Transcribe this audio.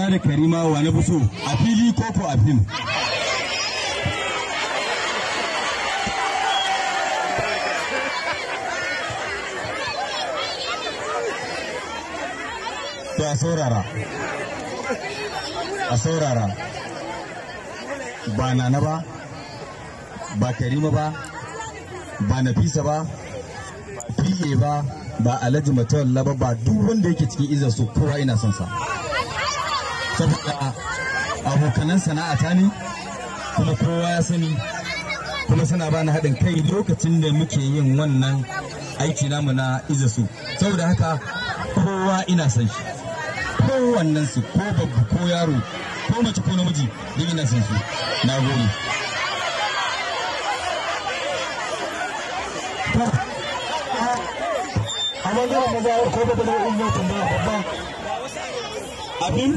na da karima wa na fi so a fili ko ko a fim to a saurara a saurara ba nana ba ba karima ba ba nafisa ba fiye ba ba alhaji matawalla ba ba duk wanda yake cikin izar su kowa ina son sa saboda abokanan sana'a ta ne kuma kowa ya sani kuma suna ba ni haɗin kai lokacin da muke yin wannan aiki namu na iza su saboda haka kowa ina san shi kowannen su ko babu ko yaro ko mace ko namiji duk ina san su na gode amma maza ko na babba abin